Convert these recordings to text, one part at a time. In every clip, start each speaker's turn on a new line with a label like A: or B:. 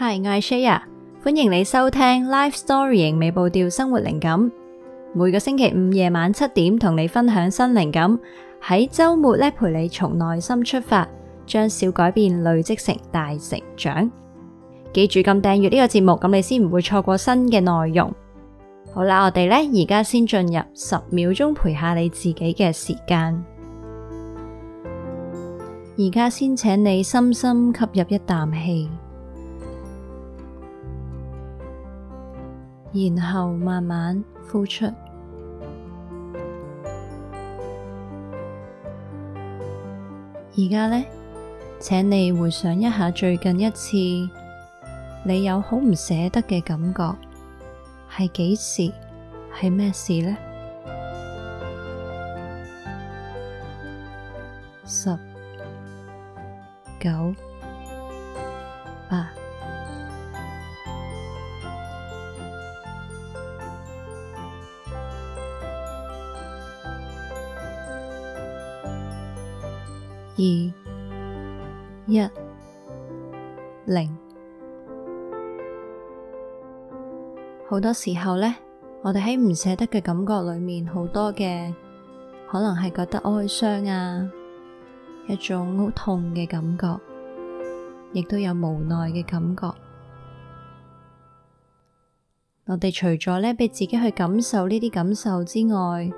A: Hi，我係 Saya，歡迎你收聽 Life Story 未步調生活靈感。每個星期五夜晚七點同你分享新靈感，喺周末咧，陪你從內心出發，將小改變累積成大成長。記住咁訂閱呢個節目，咁你先唔會錯過新嘅內容。好啦，我哋咧而家先進入十秒鐘陪下你自己嘅時間。而家先請你深深吸入一啖氣。然後慢慢呼出。而家呢，請你回想一下最近一次你有好唔捨得嘅感覺，係幾時？係咩事呢？十九。好多時候呢，我哋喺唔捨得嘅感覺裏面，好多嘅可能係覺得哀傷啊，一種好痛嘅感覺，亦都有無奈嘅感覺。我哋除咗呢俾自己去感受呢啲感受之外，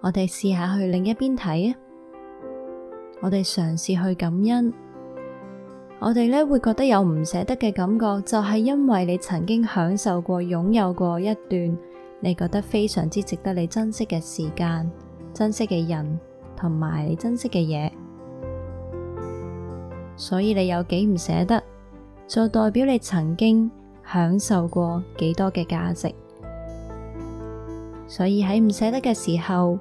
A: 我哋試下去另一邊睇啊，我哋嘗試去感恩。我哋咧會覺得有唔捨得嘅感覺，就係因為你曾經享受過、擁有過一段你覺得非常之值得你珍惜嘅時間、珍惜嘅人同埋你珍惜嘅嘢，所以你有幾唔捨得，就代表你曾經享受過幾多嘅價值。所以喺唔捨得嘅時候，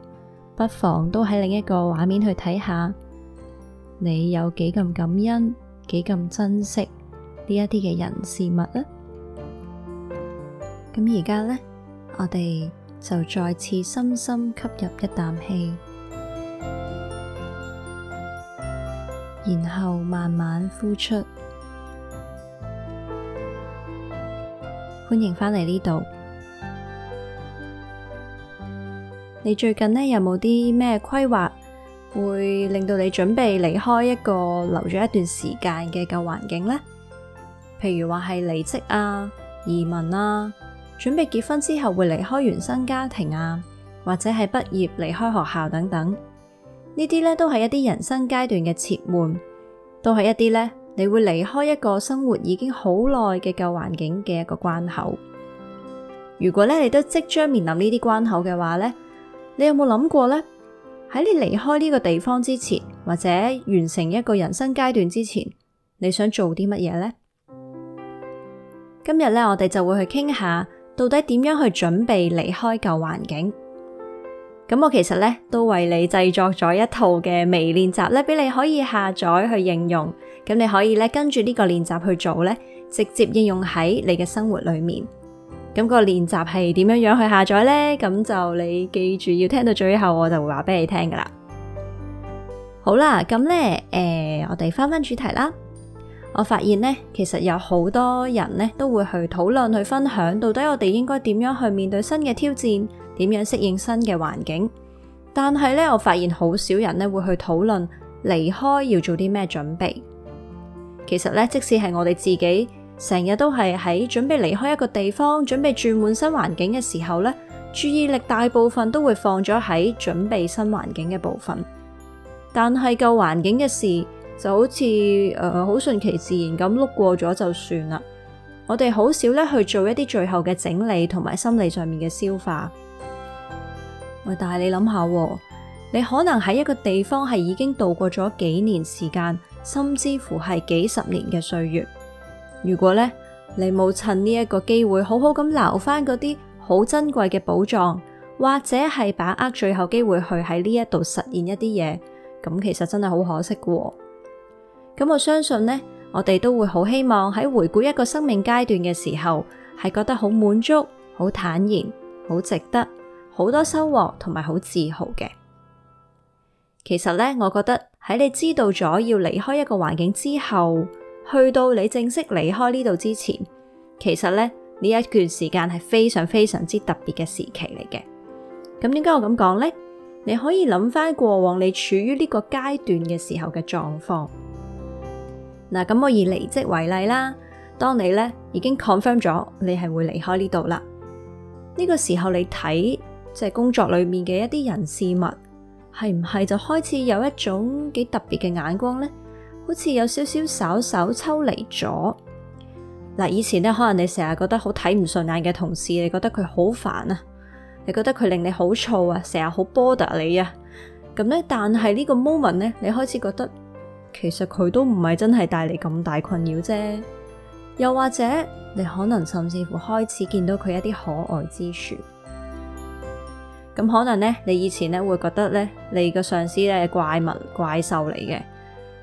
A: 不妨都喺另一個畫面去睇下，你有幾咁感恩。幾咁珍惜呢一啲嘅人事物呢？咁而家呢，我哋就再次深深吸入一啖氣，然後慢慢呼出。歡迎返嚟呢度。你最近呢，有冇啲咩規劃？會令到你準備離開一個留咗一段時間嘅舊環境呢？譬如話係離職啊、移民啊、準備結婚之後會離開原生家庭啊，或者係畢業離開學校等等，呢啲咧都係一啲人生階段嘅切換，都係一啲咧你會離開一個生活已經好耐嘅舊環境嘅一個關口。如果咧你都即將面臨呢啲關口嘅話咧，你有冇諗過咧？喺你離開呢個地方之前，或者完成一個人生階段之前，你想做啲乜嘢呢？今日咧，我哋就會去傾下到底點樣去準備離開舊環境。咁我其實咧都為你製作咗一套嘅微練習咧，俾你可以下載去應用。咁你可以咧跟住呢個練習去做咧，直接應用喺你嘅生活裏面。咁個練習係點樣樣去下載呢？咁就你記住要聽到最後，我就會話俾你聽噶啦。好啦，咁呢，誒、呃，我哋翻翻主題啦。我發現呢，其實有好多人呢都會去討論去分享，到底我哋應該點樣去面對新嘅挑戰，點樣適應新嘅環境。但係呢，我發現好少人呢會去討論離開要做啲咩準備。其實呢，即使係我哋自己。成日都係喺準備離開一個地方，準備轉換新環境嘅時候呢，注意力大部分都會放咗喺準備新環境嘅部分。但係舊環境嘅事就好似誒，好、呃、順其自然咁碌過咗就算啦。我哋好少呢去做一啲最後嘅整理同埋心理上面嘅消化。喂，但係你諗下，你可能喺一個地方係已經度過咗幾年時間，甚至乎係幾十年嘅歲月。如果咧，你冇趁呢一個機會好好咁留翻嗰啲好珍貴嘅寶藏，或者係把握最後機會去喺呢一度實現一啲嘢，咁其實真係好可惜嘅哦。咁我相信呢，我哋都會好希望喺回顧一個生命階段嘅時候，係覺得好滿足、好坦然、好值得、好多收穫同埋好自豪嘅。其實呢，我覺得喺你知道咗要離開一個環境之後。去到你正式離開呢度之前，其實咧，呢一段時間係非常非常之特別嘅時期嚟嘅。咁點解我咁講呢？你可以諗翻過往你處於呢個階段嘅時候嘅狀況。嗱，咁我以離職為例啦。當你咧已經 confirm 咗你係會離開呢度啦，呢個時候你睇即係工作裏面嘅一啲人事物，係唔係就開始有一種幾特別嘅眼光呢？好似有少少稍稍抽離咗。嗱，以前咧可能你成日覺得好睇唔順眼嘅同事，你覺得佢好煩啊，你覺得佢令你好燥啊，成日好波 o 你啊，咁咧，但係呢個 moment 咧，你開始覺得其實佢都唔係真係帶嚟咁大困擾啫，又或者你可能甚至乎開始見到佢一啲可愛之處，咁可能咧你以前咧會覺得咧你個上司咧怪物怪獸嚟嘅。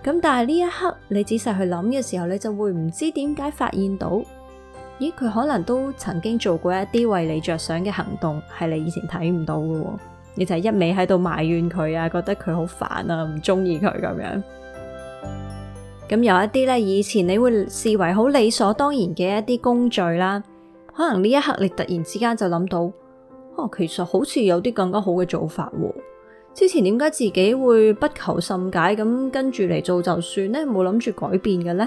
A: 咁但係呢一刻，你仔細去諗嘅時候，你就會唔知點解發現到，咦，佢可能都曾經做過一啲為你着想嘅行動，係你以前睇唔到嘅，你就係一味喺度埋怨佢啊，覺得佢好煩啊，唔中意佢咁樣。咁有一啲咧，以前你會視為好理所當然嘅一啲工序啦，可能呢一刻你突然之間就諗到，哦，其實好似有啲更加好嘅做法喎啊。之前點解自己會不求甚解咁跟住嚟做就算呢？冇諗住改變嘅咧？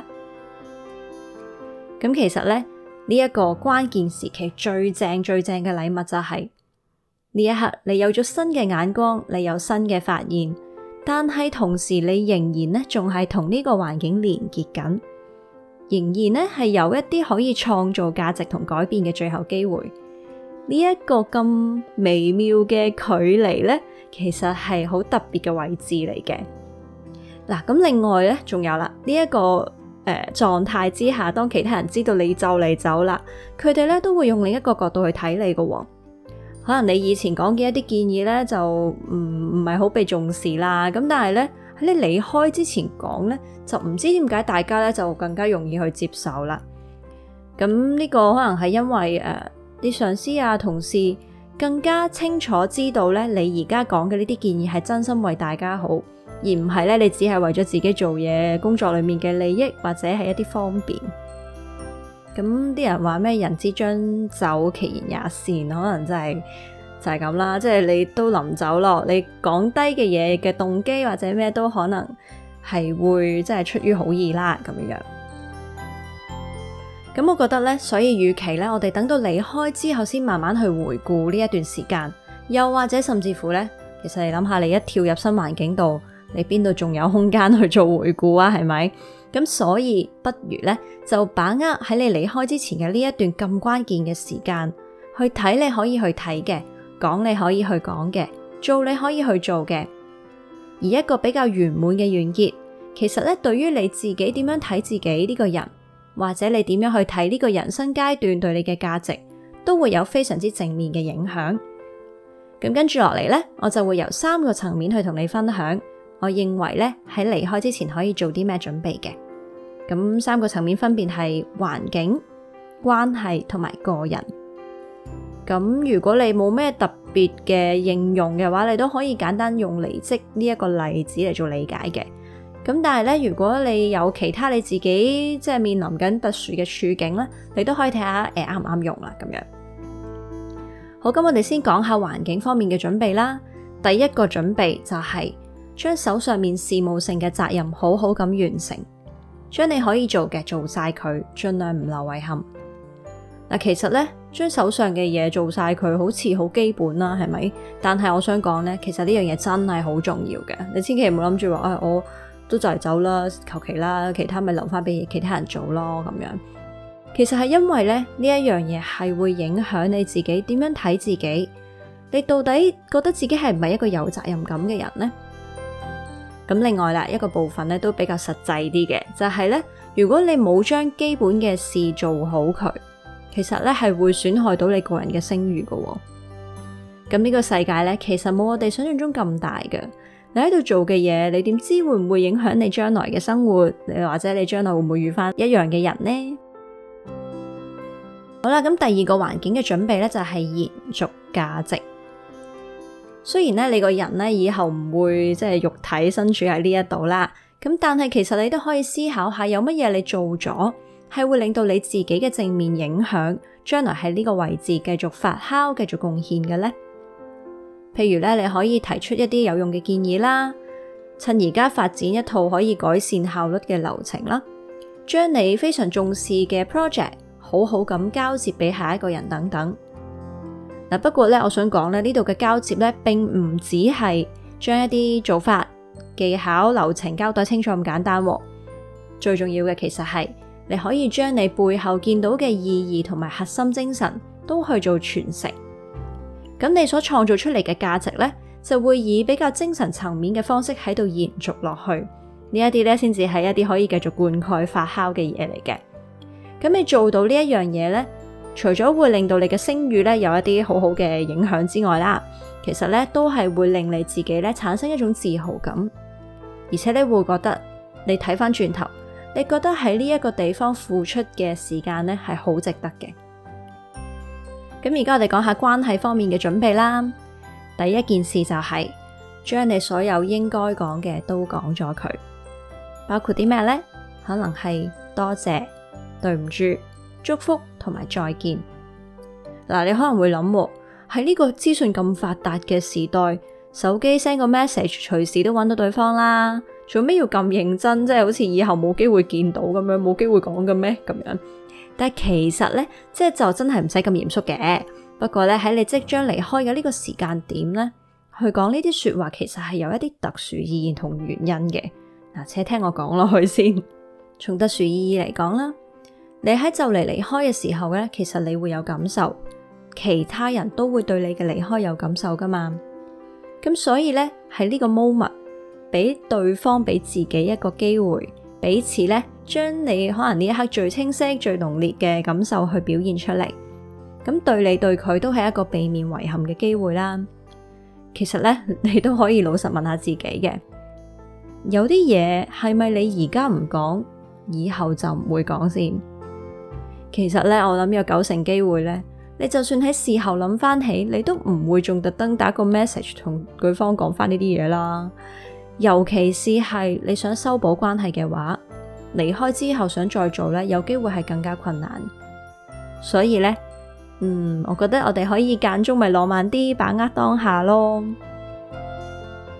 A: 咁其實咧，呢一個關鍵時期最正最正嘅禮物就係呢一刻你有咗新嘅眼光，你有新嘅發現，但係同時你仍然呢，仲係同呢個環境連結緊，仍然呢，係有一啲可以創造價值同改變嘅最後機會。呢一個咁微妙嘅距離呢。其實係好特別嘅位置嚟嘅。嗱、啊，咁另外咧，仲有啦，呢、這、一個誒狀態之下，當其他人知道你就嚟走啦，佢哋咧都會用另一個角度去睇你嘅。可能你以前講嘅一啲建議咧，就唔唔係好被重視啦。咁但係咧喺你離開之前講咧，就唔知點解大家咧就更加容易去接受啦。咁呢個可能係因為誒你、呃、上司啊、同事。更加清楚知道咧，你而家講嘅呢啲建議係真心為大家好，而唔係咧你只係為咗自己做嘢工作裏面嘅利益或者係一啲方便。咁啲 人話咩人之將酒其言也善，可能真係就係咁啦。即係你都臨走咯，你講低嘅嘢嘅動機或者咩都可能係會即係出於好意啦，咁樣樣。咁我覺得咧，所以與其咧，我哋等到離開之後，先慢慢去回顧呢一段時間，又或者甚至乎咧，其實你諗下，你一跳入新環境度，你邊度仲有空間去做回顧啊？係咪？咁所以不如咧，就把握喺你離開之前嘅呢一段咁關鍵嘅時間，去睇你可以去睇嘅，講你可以去講嘅，做你可以去做嘅，而一個比較圓滿嘅完結，其實咧，對於你自己點樣睇自己呢個人？或者你點樣去睇呢個人生階段對你嘅價值，都會有非常之正面嘅影響。咁跟住落嚟呢，我就會由三個層面去同你分享，我認為咧喺離開之前可以做啲咩準備嘅。咁三個層面分別係環境、關係同埋個人。咁如果你冇咩特別嘅應用嘅話，你都可以簡單用離職呢一個例子嚟做理解嘅。咁但係咧，如果你有其他你自己即係面臨緊特殊嘅處境咧，你都可以睇下誒啱唔啱用啦，咁樣。好，咁、嗯、我哋先講下環境方面嘅準備啦。第一個準備就係、是、將手上面事務性嘅責任好好咁完成，將你可以做嘅做晒佢，盡量唔留遺憾。嗱、呃，其實咧，將手上嘅嘢做晒佢，好似好基本啦，係咪？但係我想講咧，其實呢樣嘢真係好重要嘅，你千祈唔好諗住話誒我。都就嚟走啦，求其啦，其他咪留翻俾其他人做咯。咁樣其實係因為咧，呢一樣嘢係會影響你自己點樣睇自己，你到底覺得自己係唔係一個有責任感嘅人呢？咁另外啦，一個部分咧都比較實際啲嘅，就係咧，如果你冇將基本嘅事做好佢，其實咧係會損害到你個人嘅聲譽噶。咁呢個世界咧，其實冇我哋想象中咁大噶。你喺度做嘅嘢，你點知會唔會影響你將來嘅生活？你或者你將來會唔會遇翻一樣嘅人呢？ 好啦，咁第二個環境嘅準備咧，就係延續價值。雖然咧你個人咧以後唔會即係肉體身處喺呢一度啦，咁但係其實你都可以思考下，有乜嘢你做咗係會令到你自己嘅正面影響，將來喺呢個位置繼續發酵、繼續貢獻嘅咧？譬如咧，你可以提出一啲有用嘅建議啦，趁而家發展一套可以改善效率嘅流程啦，將你非常重視嘅 project 好好咁交接俾下一個人等等。嗱，不過咧，我想講咧，呢度嘅交接咧，並唔只係將一啲做法、技巧、流程交代清楚咁簡單。最重要嘅其實係，你可以將你背後見到嘅意義同埋核心精神都去做傳承。咁你所創造出嚟嘅價值咧，就會以比較精神層面嘅方式喺度延續落去。呢一啲咧，先至係一啲可以繼續灌溉發酵嘅嘢嚟嘅。咁你做到呢一樣嘢咧，除咗會令到你嘅聲譽咧有一啲好好嘅影響之外啦，其實咧都係會令你自己咧產生一種自豪感，而且你會覺得你睇翻轉頭，你覺得喺呢一個地方付出嘅時間咧係好值得嘅。咁而家我哋講下關係方面嘅準備啦。第一件事就係將你所有應該講嘅都講咗佢，包括啲咩呢？可能係多謝、對唔住、祝福同埋再見。嗱，你可能會諗喎，喺呢個資訊咁發達嘅時代，手機 send 個 message，隨時都搵到對方啦，做咩要咁認真？即係好似以後冇機會見到咁樣，冇機會講嘅咩？咁樣。但其實咧，即係就真係唔使咁嚴肅嘅。不過咧，喺你即將離開嘅呢個時間點咧，去講呢啲說話，其實係有一啲特殊意義同原因嘅。嗱，且聽我講落去先。從特殊意義嚟講啦，你喺就嚟離開嘅時候咧，其實你會有感受，其他人都會對你嘅離開有感受㗎嘛。咁所以咧，喺呢個 moment，俾對方俾自己一個機會，彼此咧。將你可能呢一刻最清晰、最濃烈嘅感受去表現出嚟，咁對你對佢都係一個避免遺憾嘅機會啦。其實咧，你都可以老實問下自己嘅，有啲嘢係咪你而家唔講，以後就唔會講先？其實咧，我諗有九成機會咧，你就算喺事後諗翻起，你都唔會仲特登打個 message 同對方講翻呢啲嘢啦。尤其是係你想修補關係嘅話。離開之後想再做咧，有機會係更加困難。所以咧，嗯，我覺得我哋可以間中咪浪漫啲，把握當下咯。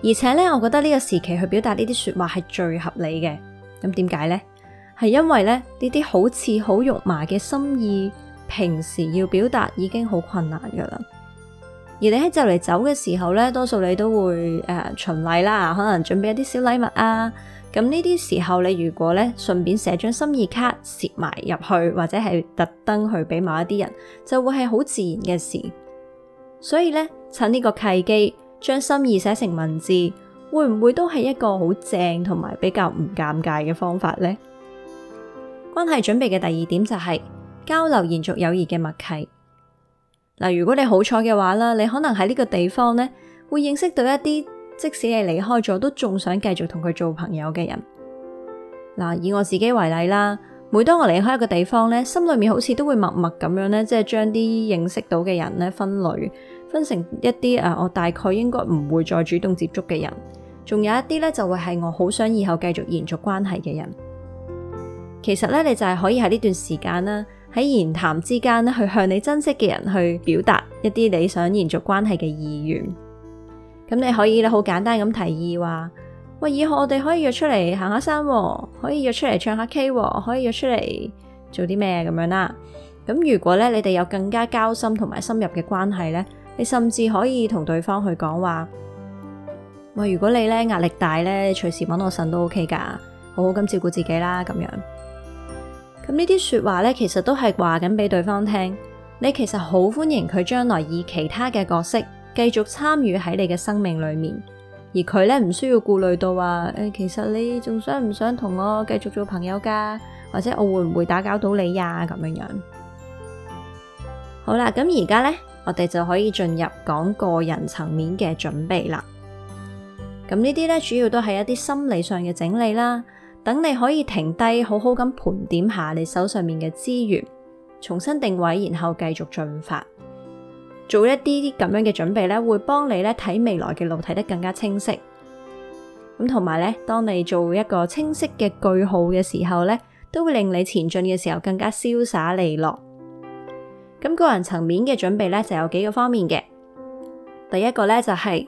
A: 而且咧，我覺得呢個時期去表達呢啲說話係最合理嘅。咁點解咧？係因為咧，呢啲好似好肉麻嘅心意，平時要表達已經好困難㗎喇。而你喺就嚟走嘅時候咧，多數你都會誒、呃、循例啦，可能準備一啲小禮物啊。咁呢啲時候，你如果咧順便寫張心意卡，攝埋入去，或者係特登去俾某一啲人，就會係好自然嘅事。所以咧，趁呢個契機，將心意寫成文字，會唔會都係一個好正同埋比較唔尷尬嘅方法咧？關係準備嘅第二點就係、是、交流延續友誼嘅默契。嗱，如果你好彩嘅話啦，你可能喺呢個地方咧會認識到一啲，即使你離開咗，都仲想繼續同佢做朋友嘅人。嗱，以我自己為例啦，每當我離開一個地方咧，心裏面好似都會默默咁樣咧，即係將啲認識到嘅人咧分類，分成一啲誒，我大概應該唔會再主動接觸嘅人，仲有一啲咧就會係我好想以後繼續延續關係嘅人。其實咧，你就係可以喺呢段時間啦。喺言談之間去向你珍惜嘅人去表達一啲你想延續關係嘅意願。咁你可以咧，好簡單咁提議話：，喂，以後我哋可以約出嚟行下山喎，可以約出嚟唱下 K 喎，可以約出嚟做啲咩咁樣啦。咁如果咧，你哋有更加交心同埋深入嘅關係咧，你甚至可以同對方去講話：，喂，如果你咧壓力大咧，隨時揾我呻都 OK 噶，好好咁照顧自己啦，咁樣。咁呢啲說話咧，其實都係話緊俾對方聽，你其實好歡迎佢將來以其他嘅角色繼續參與喺你嘅生命裏面，而佢咧唔需要顧慮到話，誒、哎，其實你仲想唔想同我繼續做朋友噶或者我會唔會打攪到你呀咁樣樣。好啦，咁而家咧，我哋就可以進入講，講個人層面嘅準備啦。咁呢啲咧，主要都係一啲心理上嘅整理啦。等你可以停低，好好咁盤點下你手上面嘅資源，重新定位，然後繼續進發，做一啲啲咁樣嘅準備咧，會幫你咧睇未來嘅路睇得更加清晰。咁同埋咧，當你做一個清晰嘅句號嘅時候咧，都會令你前進嘅時候更加瀟灑利落。咁個人層面嘅準備咧，就有幾個方面嘅。第一個咧就係、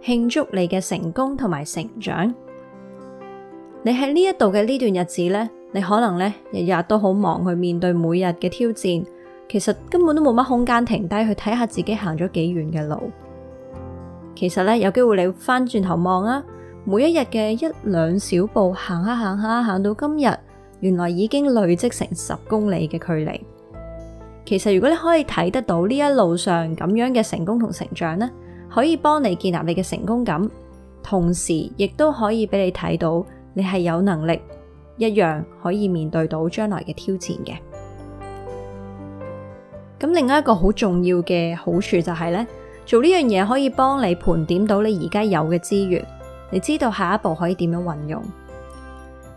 A: 是、慶祝你嘅成功同埋成長。你喺呢一度嘅呢段日子呢，你可能呢日日都好忙去面對每日嘅挑戰，其實根本都冇乜空間停低去睇下自己行咗幾遠嘅路。其實呢，有機會你翻轉頭望啊，每一日嘅一兩小步行下、啊、行下、啊行、啊、行到今日，原來已經累積成十公里嘅距離。其實如果你可以睇得到呢一路上咁樣嘅成功同成長呢，可以幫你建立你嘅成功感，同時亦都可以俾你睇到。你係有能力一樣可以面對到將來嘅挑戰嘅。咁，另外一個好重要嘅好處就係咧，做呢樣嘢可以幫你盤點到你而家有嘅資源，你知道下一步可以點樣運用。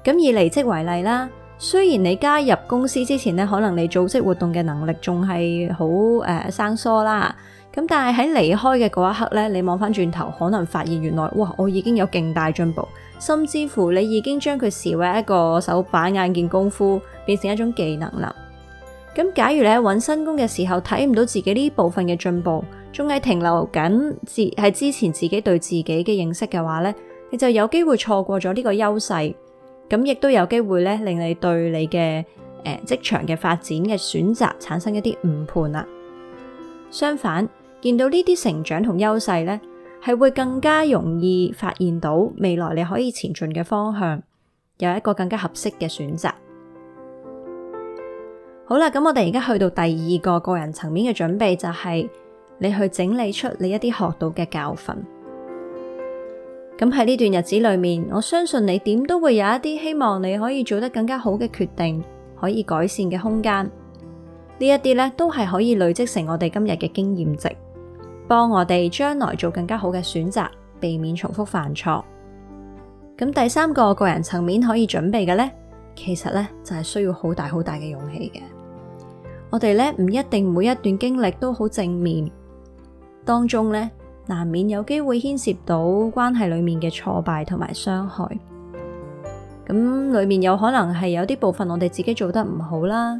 A: 咁以離職為例啦，雖然你加入公司之前呢，可能你組織活動嘅能力仲係好誒生疏啦。咁但係喺離開嘅嗰一刻咧，你望翻轉頭，可能發現原來哇，我已經有勁大進步，甚至乎你已經將佢視為一個手把眼見功夫，變成一種技能啦。咁假如你喺揾新工嘅時候睇唔到自己呢部分嘅進步，仲係停留緊自係之前自己對自己嘅認識嘅話咧，你就有機會錯過咗呢個優勢，咁亦都有機會咧令你對你嘅誒職場嘅發展嘅選擇產生一啲誤判啦。相反，見到呢啲成長同優勢咧，係會更加容易發現到未來你可以前進嘅方向，有一個更加合適嘅選擇。好啦，咁我哋而家去到第二個個人層面嘅準備，就是，就係你去整理出你一啲學到嘅教訓。咁喺呢段日子裏面，我相信你點都會有一啲希望你可以做得更加好嘅決定，可以改善嘅空間。呢一啲咧都係可以累積成我哋今日嘅經驗值。幫我哋將來做更加好嘅選擇，避免重複犯錯。咁第三個個人層面可以準備嘅呢，其實呢就係需要好大好大嘅勇氣嘅。我哋呢唔一定每一段經歷都好正面，當中呢難免有機會牽涉到關係裏面嘅挫敗同埋傷害。咁裏面有可能係有啲部分我哋自己做得唔好啦，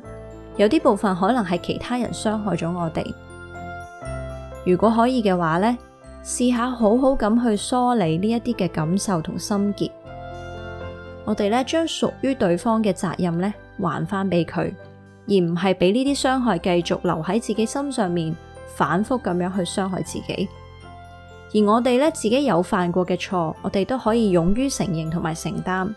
A: 有啲部分可能係其他人傷害咗我哋。如果可以嘅話呢，試下好好咁去梳理呢一啲嘅感受同心結。我哋咧將屬於對方嘅責任咧還翻俾佢，而唔係俾呢啲傷害繼續留喺自己心上面，反復咁樣去傷害自己。而我哋咧自己有犯過嘅錯，我哋都可以勇於承認同埋承擔。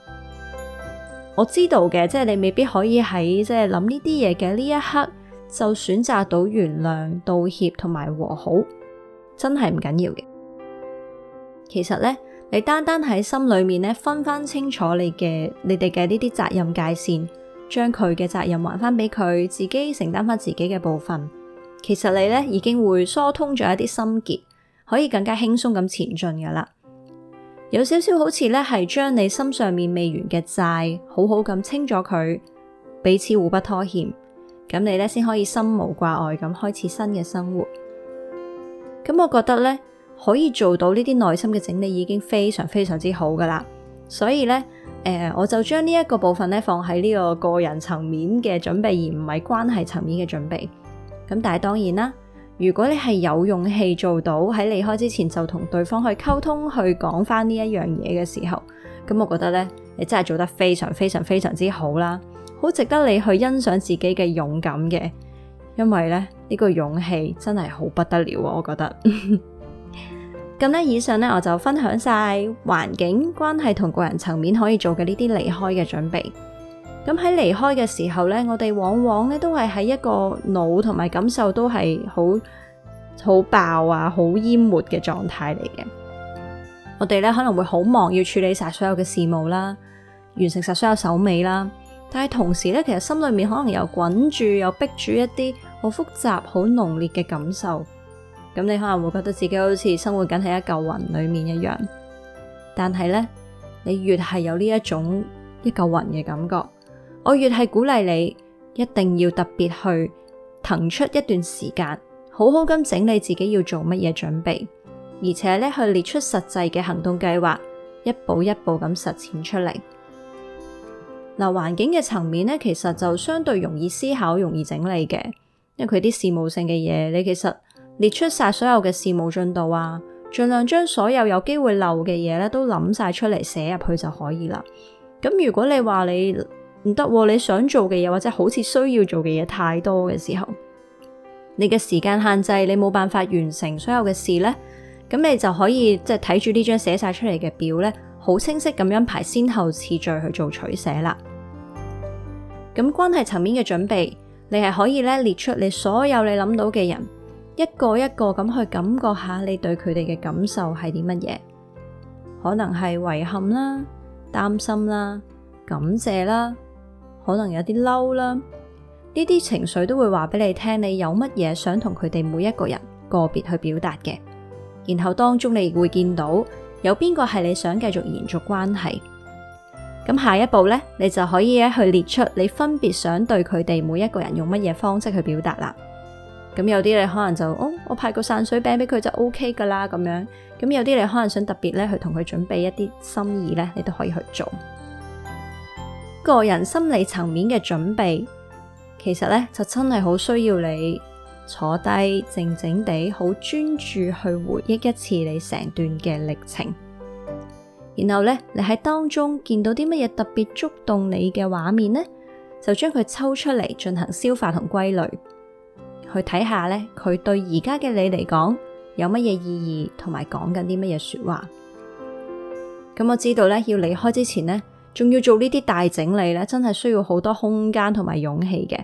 A: 我知道嘅，即係你未必可以喺即係諗呢啲嘢嘅呢一刻，就選擇到原諒、道歉同埋和好，真係唔緊要嘅。其實咧，你單單喺心裏面咧分翻清楚你嘅你哋嘅呢啲責任界線，將佢嘅責任還翻俾佢，自己承擔翻自己嘅部分，其實你咧已經會疏通咗一啲心結，可以更加輕鬆咁前進㗎喇。有少少好似咧係將你心上面未完嘅債好好咁清咗佢，彼此互不拖欠。咁你咧先可以心無掛礙咁開始新嘅生活。咁我覺得咧可以做到呢啲內心嘅整理已經非常非常之好㗎喇。所以咧，誒、呃，我就將呢一個部分咧放喺呢個個人層面嘅準備，而唔係關係層面嘅準備。咁但係當然啦，如果你係有勇氣做到喺離開之前就同對方去溝通，去講返呢一樣嘢嘅時候，咁我覺得咧，你真係做得非常非常非常之好啦。好值得你去欣賞自己嘅勇敢嘅，因為咧呢、這個勇氣真係好不得了啊！我覺得咁 咧、嗯，以上咧我就分享晒環境關係同個人層面可以做嘅呢啲離開嘅準備。咁喺離開嘅時候咧，我哋往往咧都係喺一個腦同埋感受都係好好爆啊，好淹沒嘅狀態嚟嘅。我哋咧可能會好忙，要處理晒所有嘅事務啦，完成晒所有手尾啦。但係同時咧，其實心裏面可能又滾住又逼住一啲好複雜、好濃烈嘅感受。咁你可能會覺得自己好似生活緊喺一嚿雲裏面一樣。但係咧，你越係有呢一種一嚿雲嘅感覺，我越係鼓勵你一定要特別去騰出一段時間，好好咁整理自己要做乜嘢準備，而且咧，去列出實際嘅行動計劃，一步一步咁實踐出嚟。嗱，環境嘅層面咧，其實就相對容易思考、容易整理嘅，因為佢啲事務性嘅嘢，你其實列出晒所有嘅事務進度啊，盡量將所有有機會漏嘅嘢咧都諗晒出嚟寫入去就可以啦。咁如果你話你唔得，啊，你想做嘅嘢，或者好似需要做嘅嘢太多嘅時候，你嘅時間限制你冇辦法完成所有嘅事咧，咁你就可以即係睇住呢張寫晒出嚟嘅表咧。好清晰咁樣排先後次序去做取捨啦。咁關係層面嘅準備，你係可以咧列出你所有你諗到嘅人，一個一個咁去感覺下你對佢哋嘅感受係啲乜嘢，可能係遺憾啦、擔心啦、感謝啦，可能有啲嬲啦，呢啲情緒都會話俾你聽，你有乜嘢想同佢哋每一個人個別去表達嘅，然後當中你會見到。有邊個係你想繼續延續關係？咁下一步呢，你就可以去列出你分別想對佢哋每一個人用乜嘢方式去表達啦。咁有啲你可能就哦，我派個散水餅俾佢就 OK 噶啦，咁樣。咁有啲你可能想特別咧去同佢準備一啲心意呢，你都可以去做。個人心理層面嘅準備，其實呢，就真係好需要你。坐低靜靜地，好專注去回憶一次你成段嘅歷程。然後咧，你喺當中見到啲乜嘢特別觸動你嘅畫面呢，就將佢抽出嚟進行消化同歸類，去睇下咧，佢對而家嘅你嚟講有乜嘢意義，同埋講緊啲乜嘢說話。咁、嗯、我知道咧，要離開之前呢，仲要做呢啲大整理咧，真係需要好多空間同埋勇氣嘅。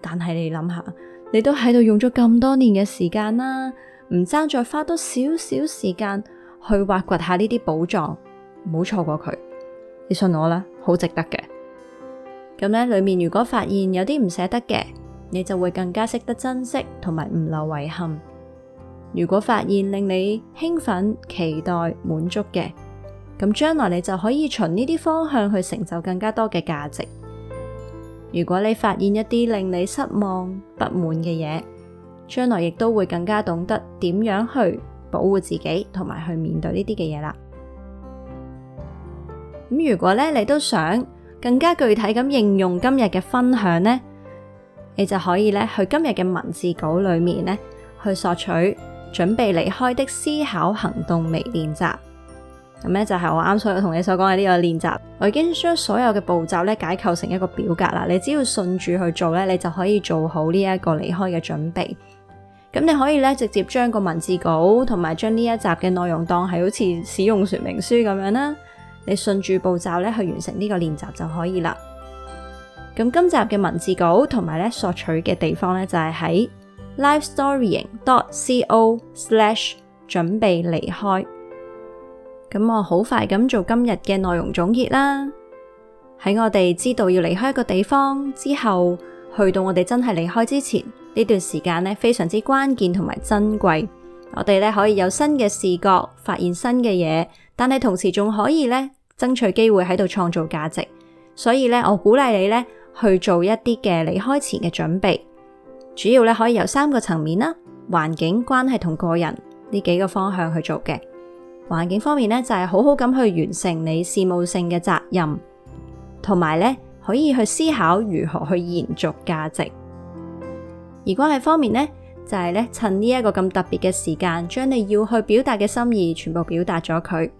A: 但係你諗下。你都喺度用咗咁多年嘅時間啦，唔爭再花多少少時間去挖掘下呢啲寶藏，唔好錯過佢。你信我啦，好值得嘅。咁咧，裏面如果發現有啲唔捨得嘅，你就會更加識得珍惜同埋唔留遺憾。如果發現令你興奮、期待、滿足嘅，咁將來你就可以循呢啲方向去成就更加多嘅價值。如果你發現一啲令你失望、不滿嘅嘢，將來亦都會更加懂得點樣去保護自己同埋去面對呢啲嘅嘢啦。咁、嗯、如果咧你都想更加具體咁應用今日嘅分享呢，你就可以咧去今日嘅文字稿裏面咧去索取準備離開的思考行動微練習。咁咧就係我啱先同你所講嘅呢個練習，我已經將所有嘅步驟咧解構成一個表格啦。你只要順住去做咧，你就可以做好呢一個離開嘅準備。咁你可以咧直接將個文字稿同埋將呢一集嘅內容當係好似使用說明書咁樣啦。你順住步驟咧去完成呢個練習就可以啦。咁今集嘅文字稿同埋咧索取嘅地方咧就係喺 livestorying.co/ 準備離開。咁我好快咁做今日嘅內容總結啦。喺我哋知道要離開一個地方之後，去到我哋真係離開之前呢段時間咧，非常之關鍵同埋珍貴。我哋咧可以有新嘅視覺，發現新嘅嘢，但係同時仲可以咧爭取機會喺度創造價值。所以咧，我鼓勵你咧去做一啲嘅離開前嘅準備，主要咧可以由三個層面啦，環境、關係同個人呢幾個方向去做嘅。環境方面呢，就係、是、好好咁去完成你事務性嘅責任，同埋呢可以去思考如何去延續價值。而關係方面呢，就係、是、呢趁呢一個咁特別嘅時間，將你要去表達嘅心意全部表達咗佢，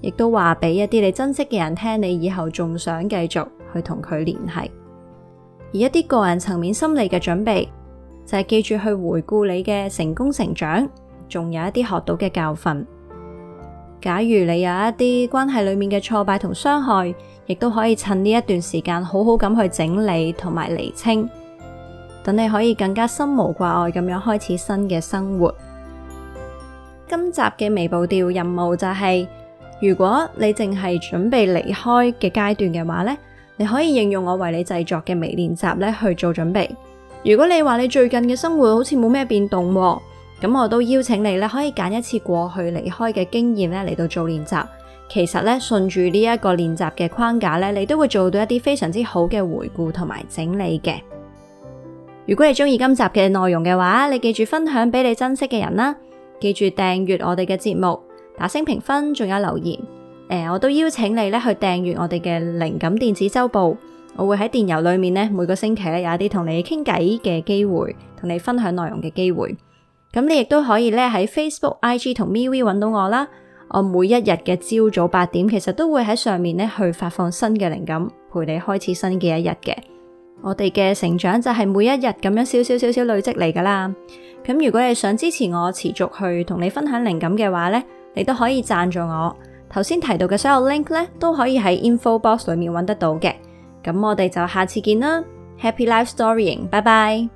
A: 亦都話俾一啲你珍惜嘅人聽，你以後仲想繼續去同佢聯繫。而一啲個人層面心理嘅準備，就係、是、記住去回顧你嘅成功成長，仲有一啲學到嘅教訓。假如你有一啲關係裏面嘅挫敗同傷害，亦都可以趁呢一段時間好好咁去整理同埋厘清，等你可以更加心無掛礙咁樣開始新嘅生活。今集嘅微步調任務就係，如果你淨係準備離開嘅階段嘅話呢，你可以應用我為你製作嘅微練習呢去做準備。如果你話你最近嘅生活好似冇咩變動喎。咁我都邀請你咧，可以揀一次過去離開嘅經驗咧嚟到做練習。其實咧，順住呢一個練習嘅框架咧，你都會做到一啲非常之好嘅回顧同埋整理嘅。如果你中意今集嘅內容嘅話，你記住分享俾你珍惜嘅人啦。記住訂閱我哋嘅節目，打聲評分，仲有留言。誒、呃，我都邀請你咧去訂閱我哋嘅靈感電子周報。我會喺電郵裏面咧，每個星期咧有一啲同你傾偈嘅機會，同你分享內容嘅機會。咁你亦都可以咧喺 Facebook、IG 同 MeWe 搵到我啦。我每一日嘅朝早八點，其實都會喺上面咧去發放新嘅靈感，陪你開始新嘅一日嘅。我哋嘅成長就係每一日咁樣少少少少累積嚟噶啦。咁如果你想支持我持續去同你分享靈感嘅話咧，你都可以贊助我。頭先提到嘅所有 link 咧，都可以喺 info box 裏面搵得到嘅。咁我哋就下次見啦。Happy life storying，拜拜。